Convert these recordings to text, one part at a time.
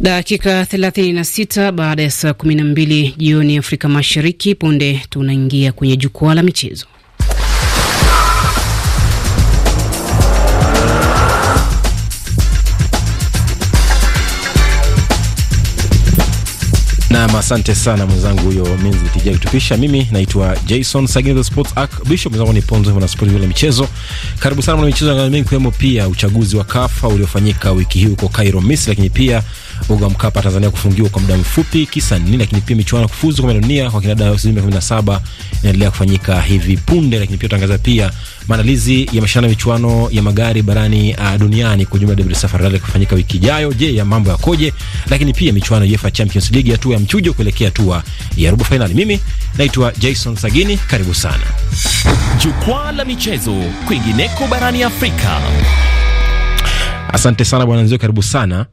Dakika 36 baada ya saa 12 jioni Afrika Mashariki. Punde tunaingia kwenye jukwaa la michezo. Nam, asante sana mwenzangu huyo Minzitija kutupisha. Mimi naitwa Jason Sagini, Mwenzangu ni Ponzo, mwana sport yule michezo. Karibu sana mwana michezo, angalia mengi ikiwemo pia uchaguzi wa kafa uliofanyika wiki hii huko Cairo, mis lakini pia uga Mkapa Tanzania kufungiwa kwa muda mfupi, kisa nini? Lakini pia michuano kufuzu kwa dunia kwa kinada 2017 inaendelea kufanyika hivi punde, lakini pia utangaza pia maandalizi ya mashindano ya michuano ya magari barani uh, duniani kwa jumla, Dar es kufanyika wiki ijayo. Je, ya mambo yakoje? Lakini pia michuano ya Champions League hatua ya mchu mchujo kuelekea hatua ya robo fainali. Mimi naitwa Jason Sagini, karibu sana jukwaa la michezo kwingineko barani Afrika. Asante sana bwana Nzio, karibu sana.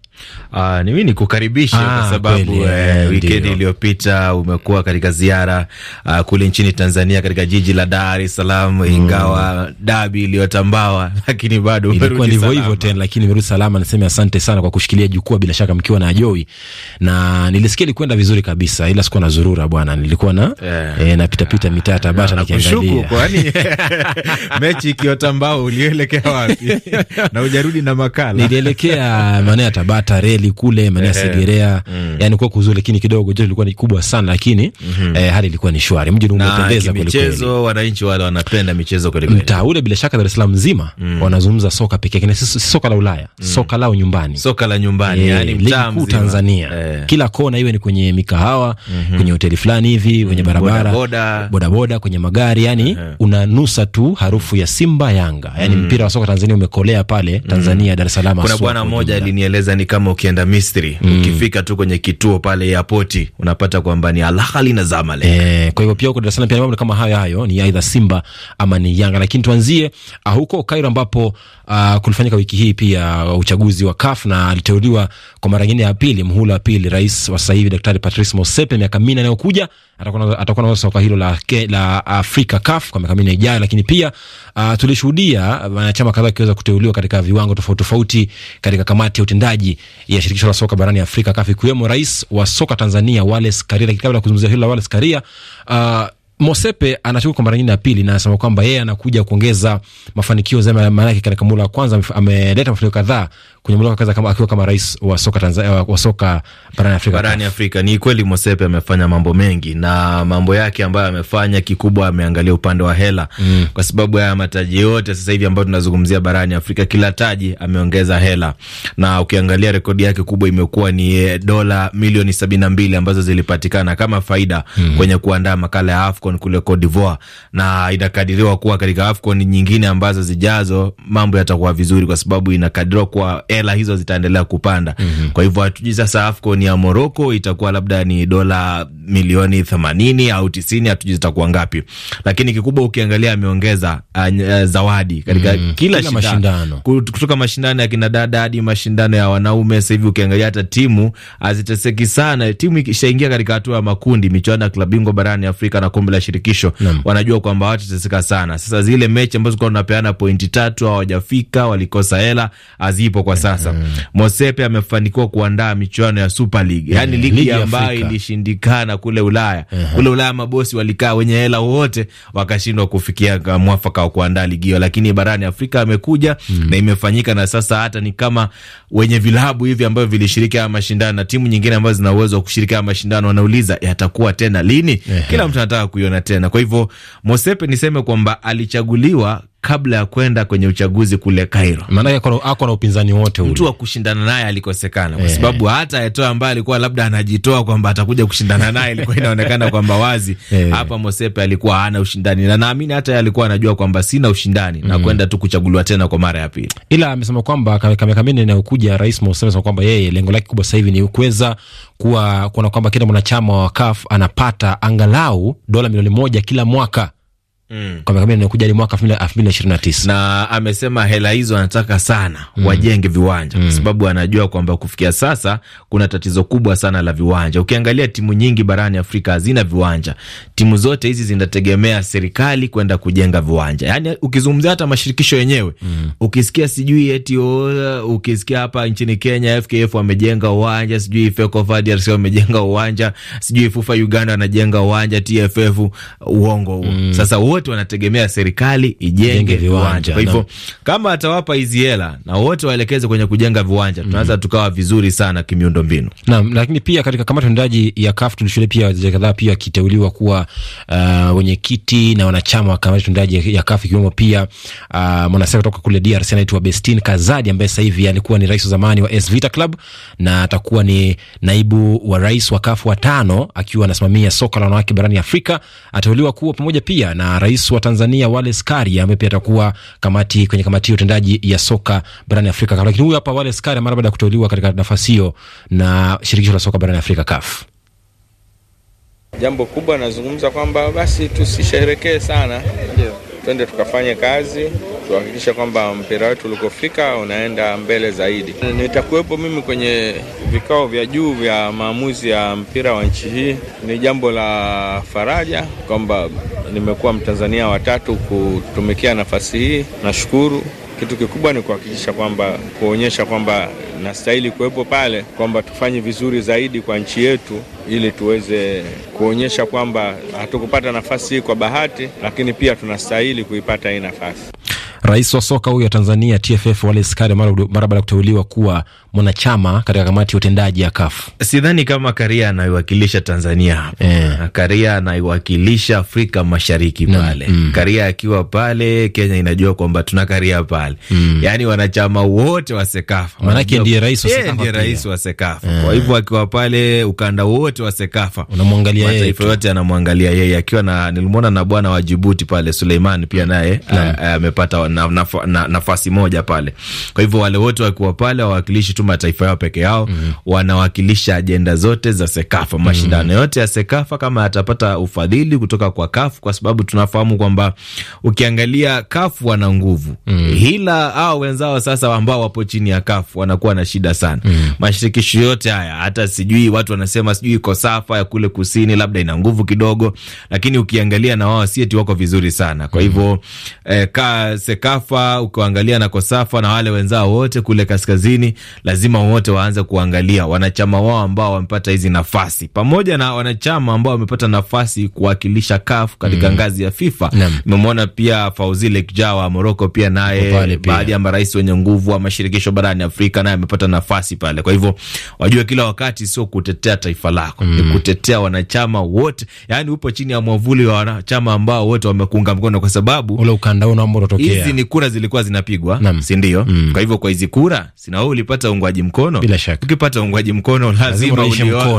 Uh, ni mimi nikukaribishe kwa ah, sababu eh, eh wikendi iliyopita umekuwa katika ziara uh, kule nchini Tanzania katika jiji la Dar es Salaam mm. Ingawa dabi iliyotambawa lakini bado ilikuwa ndivyo hivyo tena, lakini umerudi salama. Nasema asante sana kwa kushikilia jukwaa, bila shaka mkiwa na Joy, na nilisikia ilikwenda vizuri kabisa, ila sikuwa na zurura bwana, nilikuwa na yeah. eh, napita pita mitaa Tabata nikiangalia, kwani mechi ikiotambao ulielekea wapi? na ujarudi na makala nilielekea maeneo ya Tabata hata reli kule maeneo ya Segerea, mm. yani kwa kuzuri, lakini kidogo joto lilikuwa ni kubwa sana, lakini mm -hmm. eh, hali ilikuwa ni shwari, mji umependeza kweli kweli. Michezo, wananchi wale wanapenda michezo kweli kweli. Mtaa ule bila shaka Dar es Salaam mzima mm. wanazungumza soka pekee lakini si soka la Ulaya, mm. soka lao nyumbani, soka la nyumbani, eh, yani mtaa mzima Tanzania, eh. kila kona, iwe ni kwenye mikahawa, mm -hmm. kwenye hoteli fulani hivi, kwenye mm. barabara, boda boda, kwenye magari, yani unanusa tu harufu ya Simba Yanga, yani mpira wa soka Tanzania umekolea pale Tanzania, Dar es Salaam. Kuna bwana mmoja alinieleza ni kama ukienda Misri mm. ukifika tu kwenye kituo pale ya poti unapata kwamba ni Al Ahly na Zamalek e, kwa hivyo pia huko Dar pia mambo kama hayo hayo ni aidha Simba ama ni Yanga, lakini tuanzie ah, huko Cairo ambapo uh, kulifanyika wiki hii pia uh, uchaguzi wa CAF na aliteuliwa kwa mara nyingine ya pili, mhula wa pili. Rais wa sasa hivi Daktari Patrice Motsepe, miaka minne inayokuja atakuwa atakuwa na soka hilo la, la Afrika CAF kwa miaka minne ijayo. Lakini pia uh, tulishuhudia wanachama kadhaa kiweza kuteuliwa katika viwango tofauti tofauti katika kamati ya utendaji ya shirikisho la soka barani Afrika CAF, ikiwemo rais wa soka Tanzania Wallace Karia. Lakini kabla ya kuzungumzia hilo la Wallace Karia uh, Mosepe anachukua kwa mara nyingine ya pili na anasema kwamba yeye anakuja kuongeza mafanikio zaidi, maanake katika muhula wa kwanza ameleta mafanikio kadhaa kwenye muda kaza kama akiwa kama rais wa soka Tanzania wa soka barani Afrika. Barani Afrika ni kweli Mosepe amefanya mambo mengi, na mambo yake ambayo amefanya kikubwa ameangalia upande wa hela mm. kwa sababu haya mataji yote sasa hivi ambayo tunazungumzia barani Afrika, kila taji ameongeza hela, na ukiangalia rekodi yake kubwa imekuwa ni eh, dola milioni sabini na mbili ambazo zilipatikana kama faida mm. -hmm. kwenye kuandaa makala ya AFCON kule Cote d'Ivoire, na inakadiriwa kuwa katika AFCON nyingine ambazo zijazo mambo yatakuwa vizuri, kwa sababu inakadiriwa kuwa hela hizo zitaendelea kupanda. mm -hmm. Kwa hivyo hatujui sasa AFCON ya Morocco itakuwa labda ni dola milioni themanini au tisini, hatujui zitakuwa ngapi, lakini kikubwa ukiangalia ameongeza uh, uh, zawadi katika mm, -hmm. kila, kila mashindano kutoka mashindano ya kinadada hadi mashindano ya wanaume. Sasa hivi ukiangalia hata timu haziteseki sana, timu ikishaingia katika hatua ya makundi, michuano ya klabu bingwa barani Afrika na kombe la shirikisho mm, wanajua kwamba hawatateseka sana. Sasa zile mechi ambazo kwa unapeana pointi tatu hawajafika, walikosa hela, hazipo kwa sasa mm. Mosepe amefanikiwa kuandaa michuano ya Super League, eh, yani mm. ligi ambayo ilishindikana kule Ulaya uh -huh. Kule Ulaya mabosi walikaa wenye hela wote wakashindwa kufikia mwafaka wa kuandaa ligi hiyo, lakini barani Afrika amekuja mm. na imefanyika, na sasa hata ni kama wenye vilabu hivi ambavyo vilishiriki haya mashindano na timu nyingine ambazo zina uwezo wa kushiriki haya mashindano wanauliza yatakuwa tena lini? uh -huh. Kila mtu anataka kuiona tena. Kwa hivyo Mosepe niseme kwamba alichaguliwa kabla ya kwenda kwenye uchaguzi kule Kairo. Maanake ako na upinzani wote ule, mtu wa kushindana naye alikosekana, kwa eh. sababu hata Eto'o ambaye alikuwa labda anajitoa kwamba atakuja kushindana naye, ilikuwa inaonekana kwamba wazi eh. hapa Mosepe alikuwa hana ushindani, na naamini hata yeye alikuwa anajua kwamba sina ushindani na mm. kwenda tu kuchaguliwa tena kwa mara ya pili, ila amesema kwamba kama miaka minne inayokuja, Rais Mosepe amesema kwamba yeye lengo lake kubwa sasa hivi ni kuweza kuwa kuona kwamba kila mwanachama wa CAF anapata angalau dola milioni moja kila mwaka mm. kwa kwamba kamera inakuja hadi mwaka elfu 2029 na amesema hela hizo anataka sana mm. wajenge viwanja mm. kwa sababu anajua kwamba kufikia sasa kuna tatizo kubwa sana la viwanja. Ukiangalia timu nyingi barani Afrika hazina viwanja, timu zote hizi zinategemea serikali kwenda kujenga viwanja. Yani ukizungumzia hata mashirikisho yenyewe mm. ukisikia sijui eti ukisikia hapa nchini Kenya FKF wamejenga uwanja, sijui FECOFA DRC wamejenga uwanja, sijui FUFA Uganda wanajenga uwanja, TFF uongo huo mm. sasa wote wote wanategemea serikali ijenge viwanja. Kwa hivyo kama atawapa hizi hela na wote waelekeze kwenye kujenga viwanja, mhm. tunaweza tukawa vizuri sana kimiundo mbinu. Naam, lakini pia katika kamati tendaji ya CAF tulishuhudia pia wachezaji kadhaa pia wakiteuliwa kuwa uh, wenyekiti na wanachama wa kamati tendaji ya CAF ikiwemo pia uh, mwanasiasa kutoka kule DRC anaitwa Bestin Kazadi ambaye sasa hivi alikuwa ni rais wa zamani wa AS Vita Club na atakuwa ni naibu wa rais wa CAF wa tano akiwa anasimamia soka la wanawake barani Afrika. Ateuliwa kuwa pamoja pia na rais Rais wa Tanzania Wallace Karia ambaye pia atakuwa kamati kwenye kamati ya utendaji ya soka barani Afrika CAF. Lakini huyu hapa Wallace Karia mara baada ya kuteuliwa katika nafasi hiyo na shirikisho la soka barani Afrika CAF. Jambo kubwa nazungumza kwamba basi tusisherekee sana. Ndio twende tukafanye kazi, tuhakikisha kwamba mpira wetu ulikofika unaenda mbele zaidi. Nitakuwepo mimi kwenye vikao vya juu vya maamuzi ya mpira wa nchi hii. Ni jambo la faraja kwamba nimekuwa Mtanzania watatu kutumikia nafasi hii. Nashukuru. Kitu kikubwa ni kuhakikisha kwamba kuonyesha kwamba nastahili kuwepo pale, kwamba tufanye vizuri zaidi kwa nchi yetu, ili tuweze kuonyesha kwamba hatukupata nafasi hii kwa bahati, lakini pia tunastahili kuipata hii nafasi. Rais wa soka huyu ya Tanzania TFF Wallace Karia mara baada ya kuteuliwa kuwa mwanachama katika kamati ya utendaji ya CAF. Sidhani kama Karia anaiwakilisha Tanzania eh. Karia anaiwakilisha Afrika Mashariki pale mm. Karia akiwa pale Kenya inajua kwamba tuna Karia pale mm. Yani wanachama wote wa SEKAFA manake ndiye rais wa SEKAFA, ndiye rais wa SEKAFA eh. Kwa hivyo akiwa pale ukanda wote wa SEKAFA unamwangalia yeye, mataifa yote anamwangalia yeye akiwa na, nilimwona na bwana wa Jibuti pale Suleiman pia naye eh, amepata na, na, na, nafasi moja pale. Kwa hivyo wale wote wakiwa pale wawakilishi tu mataifa yao peke yao mm -hmm. wanawakilisha ajenda zote za Sekafa mhm. mashindano mm -hmm. yote ya Sekafa kama atapata ufadhili kutoka kwa Kafu, kwa sababu tunafahamu kwamba ukiangalia Kafu wana nguvu mm -hmm. hila au wenzao sasa ambao wapo chini ya Kafu wanakuwa na shida sana mm -hmm. mashirikisho yote haya, hata sijui watu wanasema sijui Kosafa ya kule kusini labda ina nguvu kidogo, lakini ukiangalia na wao sieti wako vizuri sana. Kwa mhm. hivyo mm -hmm. eh, ka, Sekafa, ukiwaangalia na Kosafa na wale wenzao wote kule kaskazini, lazima wote waanze kuangalia wanachama wao ambao wamepata hizi nafasi, pamoja na wanachama ambao wamepata nafasi kuwakilisha CAF katika mm. ngazi ya FIFA. Umemwona pia Fauzi Lekjaa wa Moroko, pia naye baadhi ya marais wenye nguvu wa mashirikisho barani Afrika, naye amepata nafasi pale. Kwa hivyo wajue kila wakati sio kutetea taifa lako mm. ni kutetea wanachama wote, yani upo chini ya mwavuli wa wanachama ambao wote wamekuunga mkono, kwa sababu ule ukanda unao unaotokea lakini kura zilikuwa zinapigwa, si ndio? Mm. Kwa hivyo kwa hizi kura sina wewe ulipata uungwaji mkono. Bila shaka ukipata uungwaji mkono lazima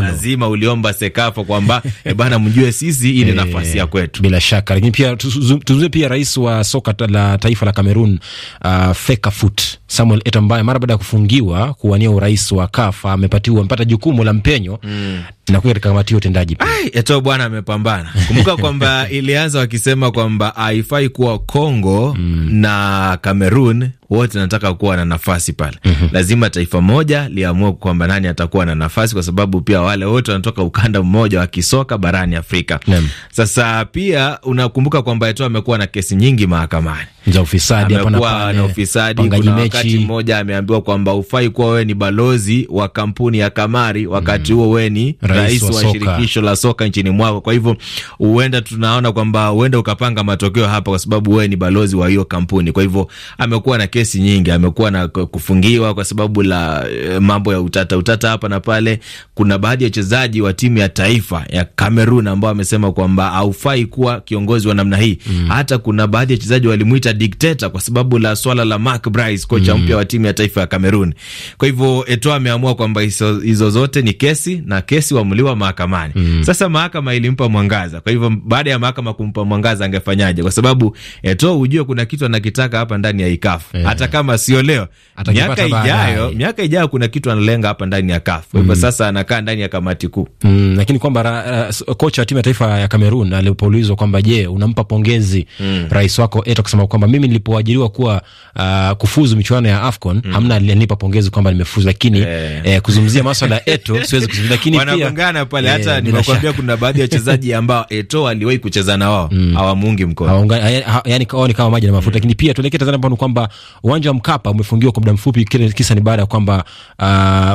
lazima uliomba Sekafa kwamba e bana, mjue sisi hii ni e, nafasi ya kwetu. Bila shaka, lakini pia tuzungumzie pia rais wa soka la taifa la Kamerun uh, Fekafut Samuel Eto ambaye mara baada ya kufungiwa kuwania urais wa kafa amepatiwa amepata jukumu la mpenyo mm. na kuja katika kamati ya utendaji. Ai, bwana amepambana. Kumbuka kwamba ilianza wakisema kwamba haifai kuwa congo mm. na Cameroon wote nataka kuwa na nafasi pale. mm -hmm. Lazima taifa moja liamue kwamba nani atakuwa na nafasi, kwa sababu pia wale wote wanatoka ukanda mmoja wa kisoka barani Afrika. Nem. Sasa pia unakumbuka kwamba Eto'o amekuwa na kesi nyingi mahakamani za ufisadi, amekuwa na ufisadi. Kuna wakati mmoja ameambiwa kwamba ufai kuwa wewe ni balozi wa kampuni ya kamari, wakati mm. huo mm wewe ni rais wa, wa shirikisho la soka nchini mwako. Kwa hivyo huenda tunaona kwamba huenda ukapanga matokeo hapa, kwa sababu wewe ni balozi wa hiyo kampuni. Kwa hivyo amekuwa na kesi kesi nyingi, amekuwa na kufungiwa kwa sababu la eh, mambo ya utata utata hapa na pale. Kuna baadhi ya wachezaji wa timu ya taifa ya Kamerun ambao wamesema kwamba haufai kuwa kiongozi wa namna hii mm. Hata kuna baadhi ya wachezaji walimuita dikteta kwa sababu la swala la Mark Brice, kocha mm. mpya mm. wa timu ya taifa ya Kamerun. Kwa hivyo Eto ameamua kwamba hizo hizo zote ni kesi na kesi huamuliwa mahakamani mm. Sasa mahakama ilimpa mwangaza. Kwa hivyo baada ya mahakama kumpa mwangaza, angefanyaje? Kwa sababu Eto, hujue kuna kitu anakitaka hapa ndani ya ikafu Eh. hata kama sio leo, miaka ijayo, miaka ijayo kuna kitu analenga hapa ndani ya CAF. Kwa hivyo mm. sasa anakaa ndani ya kamati kuu, mm, lakini kwamba uh, kocha wa timu ya taifa ya Kamerun alipoulizwa kwamba je, unampa pongezi mm. rais wako Eto kusema kwamba mimi nilipoajiriwa kuwa uh, kufuzu michuano ya AFCON mm. hamna alinipa pongezi kwamba nimefuzu, lakini yeah. eh, kuzungumzia masuala ya Eto siwezi kuzungumzia, lakini pia wanagongana pale. Hata yeah, nimekuambia kuna baadhi ya wachezaji ambao Eto aliwahi kucheza na wao mm. hawamuungi mkono, yaani ni kama maji na mafuta. Mm. Lakini pia tuelekee Tanzania kwamba Uwanja wa Mkapa umefungiwa kwa muda mfupi, kile kisa ni baada ya kwamba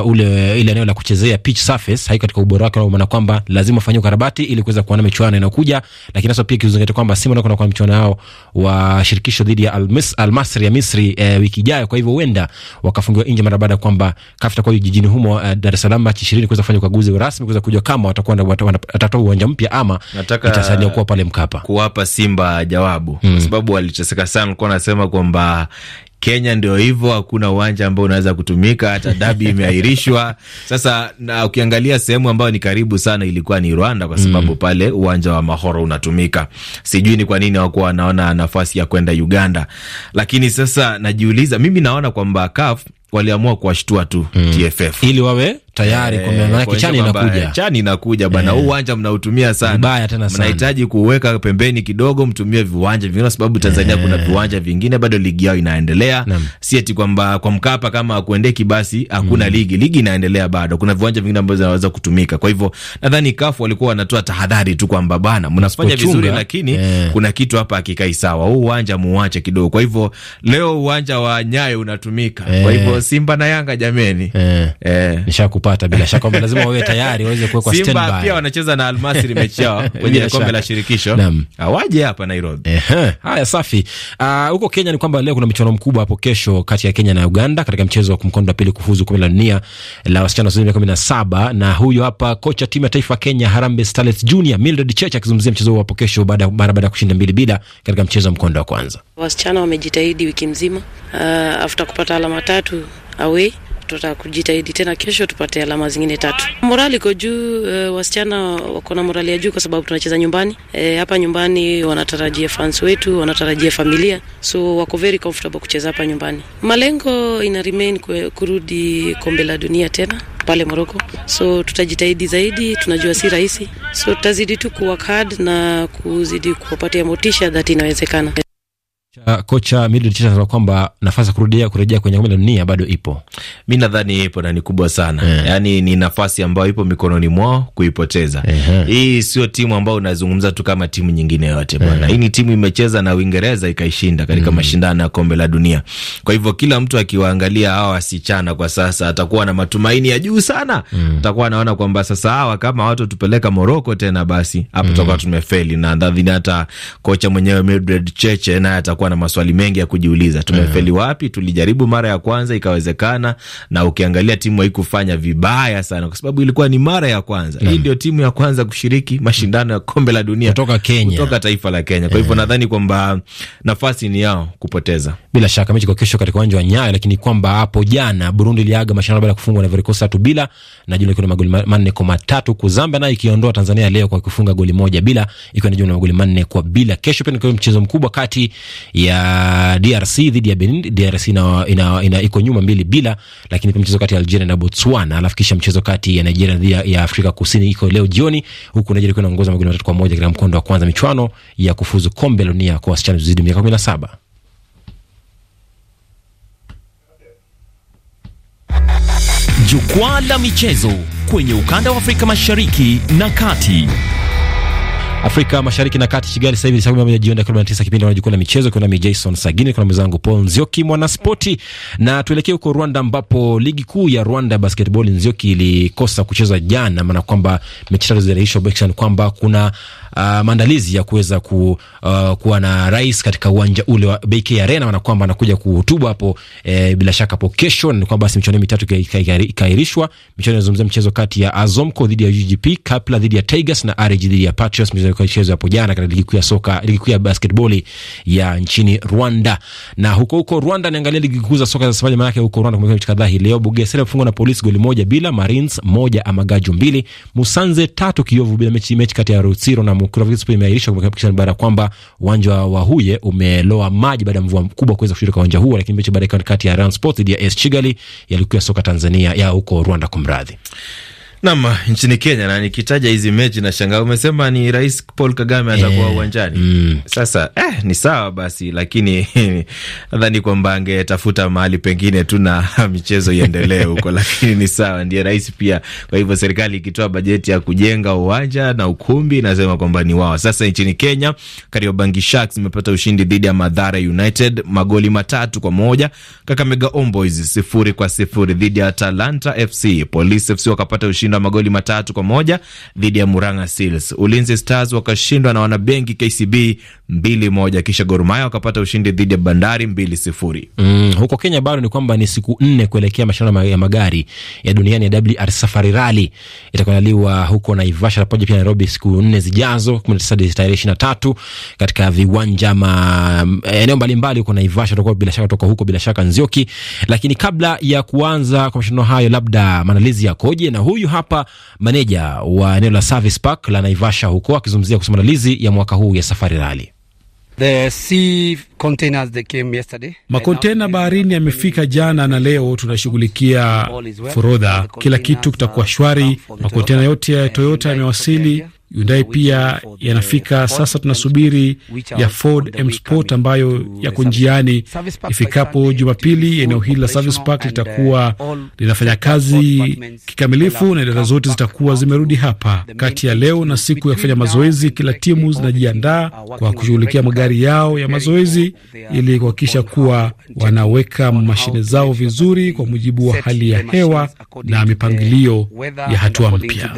uh, ule ile eneo la kuchezea pitch surface haiko katika ubora wake, maana kwamba lazima ufanyiwe karabati ili kuweza kuona michuano inayokuja, lakini sasa pia kizingatia kwamba Simba ndio kuna michuano yao wa shirikisho dhidi ya Al-Mis, Al-Masri ya Misri eh, wiki ijayo. Kwa hivyo huenda wakafungiwa nje mara baada ya kwamba CAF itakuwa jijini humo uh, Dar es Salaam Machi 20 kuweza kufanya ukaguzi rasmi kuweza kujua kama watakuwa watatoa uwanja mpya ama itasalia kuwa pale Mkapa. Kuwapa Simba jawabu mm, kwa hmm. sababu waliteseka sana, walikuwa wanasema kwamba Kenya ndio hivyo, hakuna uwanja ambao unaweza kutumika, hata dabi imeahirishwa. Sasa na ukiangalia sehemu ambayo ni karibu sana ilikuwa ni Rwanda, kwa sababu mm. pale uwanja wa Mahoro unatumika. Sijui ni kwa nini hawakuwa wanaona nafasi ya kwenda Uganda, lakini sasa najiuliza mimi, naona kwamba CAF waliamua kuwashtua tu mm. TFF ili wawe tayari eh, kwa maana yake eh, chani inakuja, chani inakuja bwana, eh. Huu uwanja mnautumia sana vibaya tena sana, mnahitaji kuweka pembeni kidogo, mtumie viwanja vingine, kwa sababu Tanzania kuna viwanja vingine bado ligi yao inaendelea, si eti kwamba kwa Mkapa kama hakuendeki basi hakuna mm. ligi ligi inaendelea bado, kuna viwanja vingine ambavyo vinaweza kutumika. Kwa hivyo nadhani CAF walikuwa wanatoa tahadhari tu kwamba bana, mnafanya vizuri lakini kuna kitu hapa hakikai sawa, huu uwanja muache kidogo. Kwa hivyo leo uwanja wa Nyayo unatumika kwa hivyo Simba na Yanga jameni eh, nishakupa kupata bila shaka kwamba lazima wawe tayari waweze kuwekwa standby. Simba pia wanacheza na Almasri mechi yao kwenye kombe la shirikisho. Naam. Waje hapa Nairobi. Ehe. Haya safi. Ah, huko Uh, Kenya ni kwamba leo kuna michuano mkubwa hapo kesho kati ya Kenya na Uganda katika mchezo wa mkondo wa pili kufuzu kombe la dunia la wasichana wa na saba, na huyo hapa kocha timu ya taifa Kenya Harambee Starlets Junior Mildred Church akizungumzia mchezo huo hapo kesho baada baada ya kushinda mbili bila katika mchezo wa mkondo wa kwanza. Wasichana wamejitahidi wiki mzima, uh, ah, after kupata alama tatu away tutakujitahidi tena kesho tupate alama zingine tatu. Morali iko juu e, wasichana wako na morali ya juu kwa sababu tunacheza nyumbani e, hapa nyumbani wanatarajia fans wetu, wanatarajia familia, so wako very comfortable kucheza hapa nyumbani. Malengo ina remain kurudi kombe la dunia tena pale Moroko, so tutajitahidi zaidi. Tunajua si rahisi, so tutazidi tu ku hard na kuzidi kuwapatia motisha that inawezekana. Kocha Mildred Tite anasema kwamba nafasi ya kurudia kurejea kwenye kombe la dunia bado ipo. Mi nadhani ipo na ni kubwa sana yeah. Yani ni nafasi ambayo ipo mikononi mwao kuipoteza. uh -huh. Hii sio timu ambayo unazungumza tu kama timu nyingine yote bwana. -huh. Eh. Hii ni timu imecheza na Uingereza ikaishinda katika mm. mashindano ya kombe la dunia. Kwa hivyo kila mtu akiwaangalia hawa wasichana kwa sasa atakuwa na matumaini ya juu sana. mm. Atakuwa anaona kwamba sasa hawa kama watu tupeleka Moroko tena basi hapo mm. tutakuwa tumefeli na nadhani hata kocha mwenyewe Mildred Cheche naye utakuwa na maswali mengi ya kujiuliza, tumefeli mm. wapi? Tulijaribu mara ya kwanza ikawezekana, na ukiangalia timu haikufanya vibaya sana, kwa sababu ilikuwa ni mara ya kwanza. Hii mm. ndio timu ya kwanza kushiriki mashindano ya kombe la dunia kutoka Kenya, kutoka taifa la Kenya. Kwa hivyo eh. nadhani kwamba nafasi ni yao kupoteza. Bila shaka mechi kwa kesho katika uwanja wa Nyayo, lakini kwamba hapo jana Burundi iliaga mashindano baada ya kufungwa na Ivory Coast tatu bila na jumla ikiwa na magoli manne kwa matatu huku Zambia nayo ikiondoa Tanzania leo kwa kufunga goli moja bila ikiwa na jumla magoli manne kwa bila. Kesho pia ni mchezo mkubwa kati ya DRC dhidi ya Benin. DRC ina, ina, ina iko nyuma mbili bila, lakini pia mchezo kati ya Algeria na Botswana, alafu kisha mchezo kati ya Nigeria dhidi ya Afrika Kusini iko leo jioni, huku Nigeria ikiwa inaongoza magoli matatu kwa moja katika mkondo wa kwanza michuano ya kufuzu kombe la dunia kwa wasichana zidi miaka saba. Jukwaa la michezo kwenye ukanda wa Afrika Mashariki na Kati. Afrika Mashariki na Kati, Kigali sasa hivi ni saa 11 jioni dakika 49, kipindi na michezo, kuna mimi Jason Sagini, kuna mwenzangu Paul Nzioki, mwana spoti, na tuelekee huko Rwanda ambapo ligi kuu ya Rwanda ya basketball, Nzioki, ilikosa kucheza jana, maana kwamba mechi tatu ziliahirishwa Bexan, kwamba kuna uh, maandalizi ya kuweza ku, uh, kuwa na rais katika uwanja ule wa BK Arena, maana kwamba anakuja kuhutubu hapo eh, bila shaka hapo kesho, Ni kwamba basi michuano mitatu ikaahirishwa. Michuano inazungumzia mchezo kati ya Azomco dhidi ya UGP, Kapla dhidi ya Tigers na RG dhidi ya Patriots katika michezo hapo jana katika ligi kuu ya soka, ligi kuu ya basketball ya nchini Rwanda. Na huko huko Rwanda, niangalia ligi kuu za soka za safari, maana yake huko Rwanda kumekuwa mechi kadhaa hii leo. Bugesera imefungwa na polisi goli moja bila, Marines moja, Amagaju mbili, Musanze tatu, Kiyovu bila. Mechi mechi kati ya Rutsiro na Mukura Victory imeahirishwa kumekuwa baada kwamba uwanja wa Huye umeloa maji baada ya mvua kubwa kuweza kushirika uwanja huo, lakini mechi baada kati ya Rand Sports dhidi ya SC Kigali ya ligi kuu ya soka Tanzania ya huko Rwanda kumradhi. Nam nchini Kenya, na nikitaja hizi mechi na shangaa, umesema ni Rais Paul Kagame atakuwa eh, uwanjani mm. Sasa eh, ni sawa basi, lakini nadhani kwamba angetafuta mahali pengine tu na michezo iendelee huko, lakini ni sawa, ndiye rais pia. Kwa hivyo serikali ikitoa bajeti ya kujenga uwanja na ukumbi inasema kwamba ni wao. Sasa nchini Kenya, Kariobangi Sharks imepata ushindi dhidi ya Madhara United magoli matatu kwa moja, Kakamega Omboys sifuri kwa sifuri dhidi ya Atalanta FC. Polisi FC wakapata ushindi kushinda magoli matatu kwa moja dhidi ya Muranga Seals. Ulinzi Stars wakashindwa na wanabenki KCB mbili moja, kisha Gor Mahia wakapata ushindi dhidi ya Bandari mbili sifuri. Mm, huko Kenya bado ni kwamba ni siku nne kuelekea mashindano ya magari ya duniani ya WR Safari Rally itakuandaliwa huko Naivasha pamoja pia Nairobi siku nne zijazo 19 tarehe 23 katika viwanja ma eneo mbalimbali huko Naivasha, tutakuwa bila shaka kutoka huko bila shaka Nzioki. Lakini kabla ya kuanza kwa mashindano hayo, labda maandalizi yakoje? Na huyu hapa maneja wa eneo la Service Park la Naivasha huko akizungumzia kuhusu maandalizi ya mwaka huu ya Safari Rally. The sea containers that came yesterday. Makontena baharini yamefika jana na leo tunashughulikia forodha. Kila kitu kitakuwa shwari. Makontena yote ya Toyota yamewasili, Hyundai pia yanafika sasa. Tunasubiri ya Ford M Sport ambayo yako njiani. Ifikapo Jumapili, eneo hili la Service Park uh, litakuwa linafanya kazi kikamilifu na idara zote zitakuwa zimerudi hapa. Kati ya leo na siku ya kufanya mazoezi, kila timu zinajiandaa uh, kwa kushughulikia magari yao ya mazoezi ili kuhakikisha kuwa wanaweka mashine zao vizuri kwa mujibu wa hali ya hewa na mipangilio ya hatua mpya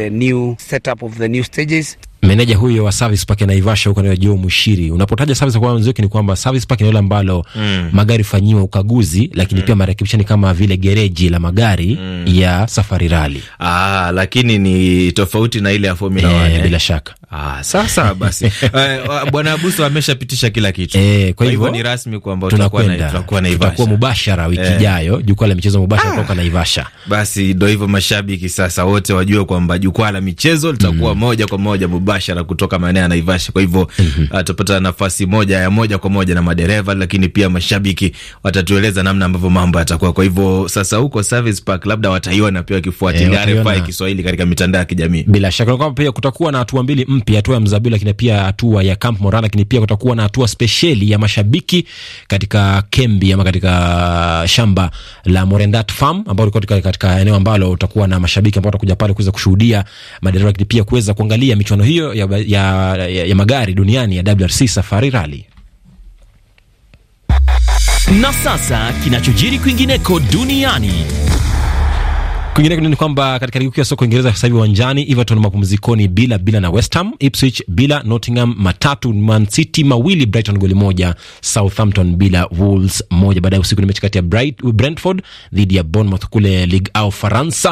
meneja huyo wa service park ya Naivasha huko anaitwa Joe Mushiri. Unapotaja service park mwanzo ni kwamba service park ni ile ambalo mm. magari fanyiwa ukaguzi lakini mm. pia marekebisho ni kama vile gereji la magari mm. ya safari Rally. Ah, lakini ni tofauti na ile ya Formula 1 eh, e, eh? bila shaka. Ah, sasa basi eh, bwana Abuso ameshapitisha kila kitu e, kwa hivyo ni rasmi kwamba tutakuwa na tutakuwa na Ivasha, tutakuwa mubashara wiki eh. ijayo e, jukwaa la michezo mubashara ah. kutoka na Ivasha. Basi ndio hivyo, mashabiki sasa wote wajue kwamba jukwaa la michezo litakuwa mm, moja kwa moja mubashara kutoka maeneo ya Naivasha. Kwa hivyo mm -hmm, ah, tupata nafasi moja ya moja kwa moja na madereva, lakini pia mashabiki watatueleza namna ambavyo mambo yatakuwa. Kwa hivyo sasa huko Service Park labda wataiona pia wakifuatilia e, RFI Kiswahili katika mitandao ya kijamii. Bila shaka kwamba pia kutakuwa na hatua mbili mpya, hatua ya Mzabibu, lakini pia hatua ya Camp Moral, lakini pia kutakuwa na hatua spesheli ya mashabiki katika kembi ama katika shamba la Morendat Farm ambao liko katika eneo ambalo utakuwa na mashabiki ambao watakuja pale kuweza kushuhudia madereva, lakini pia kuweza kuangalia michuano hiyo ya, ya, ya, ya magari duniani ya WRC Safari Rally. Na sasa kinachojiri kwingineko duniani Kwingineko ni kwamba katika ligi kuu ya soka Uingereza sasa hivi uwanjani Everton mapumzikoni bila bila na West Ham, Ipswich bila, Nottingham matatu, Man City mawili, Brighton goli moja, Southampton bila, Wolves moja. Baadaye usiku ni mechi kati ya Brentford dhidi ya Bournemouth kule Ligue au Faransa.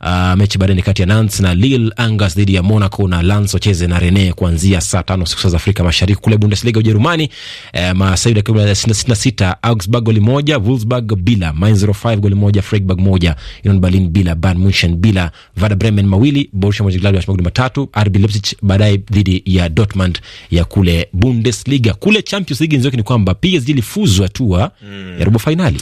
Uh, ah, mechi baadaye ni kati ya Nantes na Lille, Angers dhidi ya Monaco na Lens wacheze na Rene kuanzia saa tano siku za Afrika Mashariki. Kule Bundesliga Ujerumani, eh, masaa dakika sita, Augsburg goli moja, Wolfsburg bila, Mainz 05 goli moja, Freiburg moja, Union Berlin bila bila Bayern Munchen bila Werder Bremen mawili, Borussia Monchengladbach magoli matatu, RB Leipzig baadaye dhidi ya Dortmund ya kule Bundesliga. Kule Champions League nzoki ni kwamba PSG ilifuzu hatua ah, mm. ya robo fainali.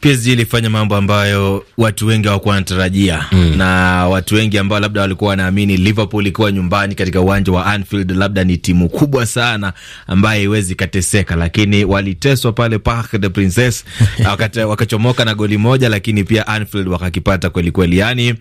PSG ilifanya mambo ambayo watu wengi hawakuwa wanatarajia mm. na watu wengi ambao labda walikuwa wanaamini Liverpool ikiwa nyumbani katika uwanja wa Anfield labda ni timu kubwa sana ambayo iwezi kateseka, lakini waliteswa pale Parc des Princes wakachomoka na goli moja, lakini pia Anfield wakakipata kwelikweli, yani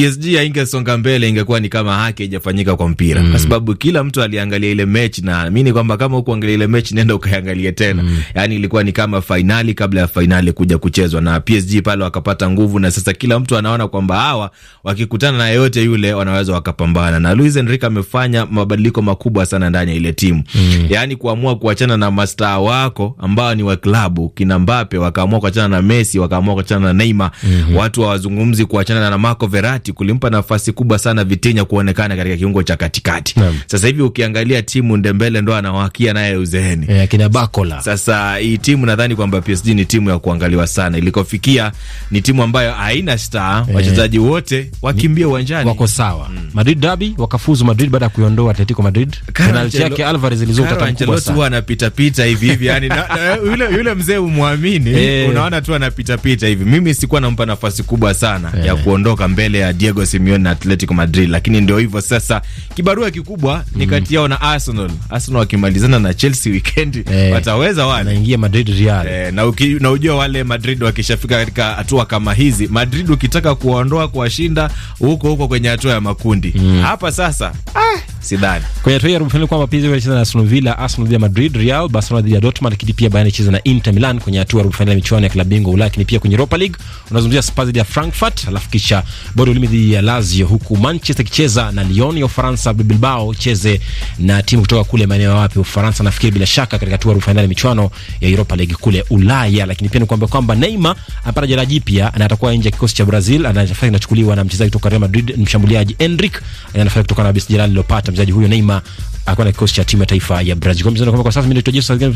PSG haingesonga mbele, ingekuwa ni kama haki haijafanyika kwa mpira mm. kwa sababu kila mtu aliangalia ile mechi, na naamini kwamba kama ukuangalia ile mechi, nenda ukaiangalie tena mm. Yani ilikuwa ni kama fainali kabla ya fainali kuja kuchezwa, na PSG pale wakapata nguvu, na sasa kila mtu anaona kwamba hawa wakikutana na yeyote yule wanaweza wakapambana, na Luis Enrique amefanya mabadiliko makubwa sana ndani ya ile timu mm. Yani kuamua kuachana na mastaa wako ambao ni wa klabu kina Mbappe, wakaamua kuachana na Messi, wakaamua kuachana na Neymar mm -hmm. watu hawazungumzi kuachana na Marco Verratti kati kulimpa nafasi kubwa sana Vitinya kuonekana katika kiungo cha katikati. Sasa hivi ukiangalia timu Ndembele ndo anawakia naye uzeeni. Yeah, kina Bakola. Sasa hii timu nadhani kwamba PSG ni timu ya kuangaliwa sana. Ilikofikia ni timu ambayo haina star, yeah. Wachezaji wote wakimbia uwanjani. Wako sawa. Mm. Madrid derby wakafuzu Madrid baada ya kuiondoa Atletico Madrid. Penalti yake Alvarez ilizunguka tamu kubwa sana. Huwa anapita pita hivi hivi yani na, na, eh, yule yule mzee umwamini, yeah. Unaona tu anapita pita hivi. Mimi sikuwa nampa nafasi kubwa sana yeah, ya kuondoka mbele ya Diego Simeone na Atletico Madrid, lakini ndio hivyo sasa. Kibarua kikubwa ni mm-hmm. kati yao na Arsenal. Arsenal wakimalizana na Chelsea weekend eh, wataweza wale wanaingia Madrid Real eh, na, uki, na ujua wale Madrid wakishafika katika hatua kama hizi, Madrid ukitaka kuwaondoa kuwashinda huko huko kwenye hatua ya makundi mm. hapa sasa ah, sidhani. Kwenye hatua hii ya robo fainali kwamba PSG wanacheza na Aston Villa, Arsenal dhidi ya Madrid, Real Barcelona dhidi ya Dortmund, lakini pia Bayern icheza na Inter Milan kwenye hatua ya robo fainali ya michuano ya klabu bingwa Ulaya. Lakini pia kwenye Europa League unazungumzia Spurs dhidi ya Frankfurt, alafu kisha Bodo Munich dhidi ya Lazio, huku Manchester ikicheza na Lyon ya Ufaransa, Bilbao cheze na timu kutoka kule maeneo wapi Ufaransa, nafikiri bila shaka katika hatua ya robo fainali ya michuano ya Europa League kule Ulaya. Lakini pia ni kwamba kwamba Neymar anapata jeraha jipya na atakuwa nje ya kikosi cha Brazil, ana nafasi inachukuliwa na mchezaji kutoka Real Madrid, mshambuliaji Endrick, ana kutokana na jeraha alilopata mchezaji huyo Neymar akawa na kikosi cha timu ya taifa ya Brazil. Kwa mchezaji kwa sasa mimi nitoje sasa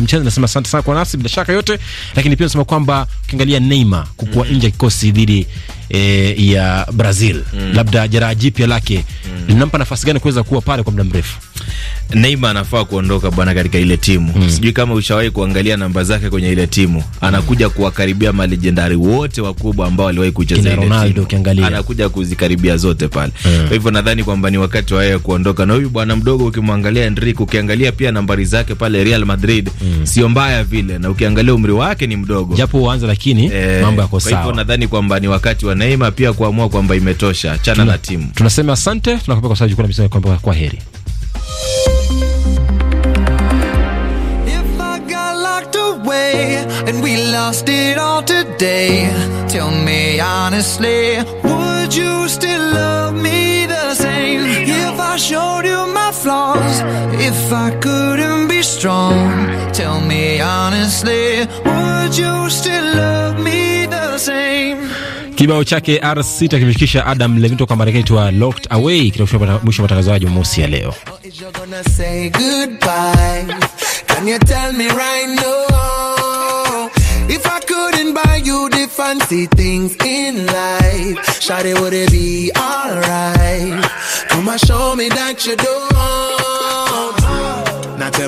mchezaji nasema asante sana kwa nasi bila shaka yote, lakini pia nasema kwamba ukiangalia Neymar kukua mm. nje kikosi dhidi e, ya Brazil mm. labda jeraha jipya lake mm. linampa nafasi gani kuweza kuwa pale kwa muda mrefu? Neymar anafaa kuondoka bwana katika ile timu mm. Sijui kama ushawahi kuangalia namba zake kwenye ile timu, anakuja kuwakaribia malejendari wote wakubwa ambao waliwahi kucheza ile Ronaldo, ukiangalia anakuja kuzikaribia zote pale mm. Kwa hivyo nadhani kwamba ni wakati wa yeye kuondoka, na huyu bwana mdogo ukimwangalia Enrique, ukiangalia pia nambari zake pale Real Madrid mm. sio mbaya vile, na ukiangalia umri wake ni mdogo, japo uanza lakini e, mambo yako sawa. Kwa hivyo nadhani kwamba ni wakati wa hivyo Neymar pia kuamua kwamba imetosha, achana na mm. timu. Tunasema asante, tunakupa kwa sababu kuna kwamba kwa heri. And we lost it all today. Tell me honestly, would you still love me the same? If I showed you my flaws, if I couldn't be strong, tell me honestly, would you still love me the same? Kibao chake R6 kimeshikisha Adam Levine toka Marekani wa Locked Away kitakushia mwisho wa matangazo ya Jumamosi ya leo.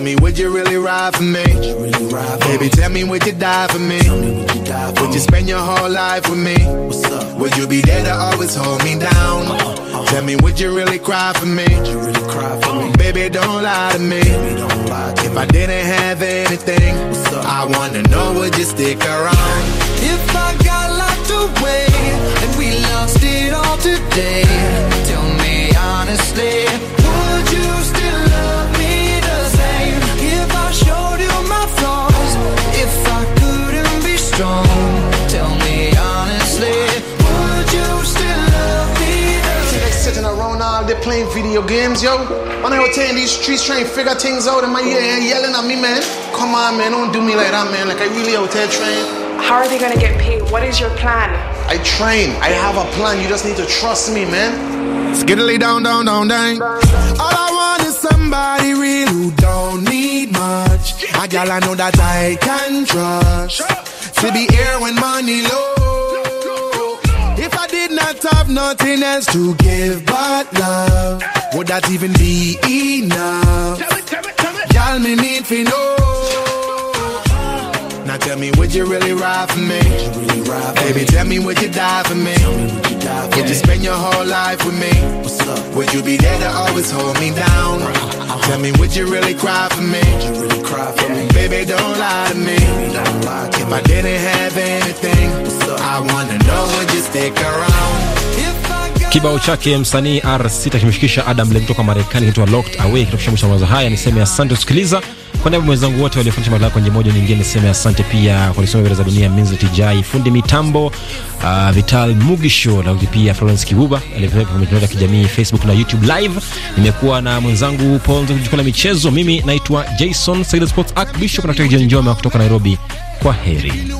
me, would you really ride for me? Really ride for Baby, me? tell me, would you die for me? me would, you die for would you spend your whole life with me? Would you be there to always hold me down? Uh uh Tell me, would you really cry for me? Really cry for uh Baby, don't lie to me. Baby, lie to if me. I didn't have anything, I wanna know, would you stick around? If I got locked away and we lost it all today, tell me honestly. strong Tell me honestly, would you still love me? See, they sitting around all day playing video games, yo. When I out in these streets trying to figure things out, and my ear ain't yelling at me, man. Come on, man, don't do me like that, man. Like, I really out there train. How are they gonna get paid? What is your plan? I train. I have a plan. You just need to trust me, man. Skiddly down, down, down, down. All I want is somebody real who don't need much. A gal I know that I can trust to be here when money low. If I did not have nothing else to give but love, would that even be enough? Y'all me need to know. Now tell me, would you really ride for me? Really ride for Baby, me? tell me, would you die for me? me would you, die for would you spend your whole life with me? What's up? Would you be there to always hold me down? Tell me, would you really cry for me? Would you really cry for yeah. me? Baby, don't lie to me. Don't lie to if me. I didn't have anything, I wanna know, would you stick around? kibao chake msanii R6 kimeshikisha Adam Levy kutoka Marekani, kitwa Locked Away. Kitakusha mwisho mawazo haya, niseme asante kusikiliza kwa niaba mwenzangu wote waliofanisha matangazo kwenye moja nyingine, niseme asante pia kwa kusoma habari za dunia Minzi Tijai, fundi mitambo uh, Vital Mugisho na pia Florence Kibuba aliyepewa kwa mitandao ya kijamii Facebook na YouTube live. Nimekuwa na mwenzangu Ponzo Nzokujikula michezo. Mimi naitwa Jason Sailor Sports Archbishop na kutoka Njoma kutoka Nairobi. Kwa heri.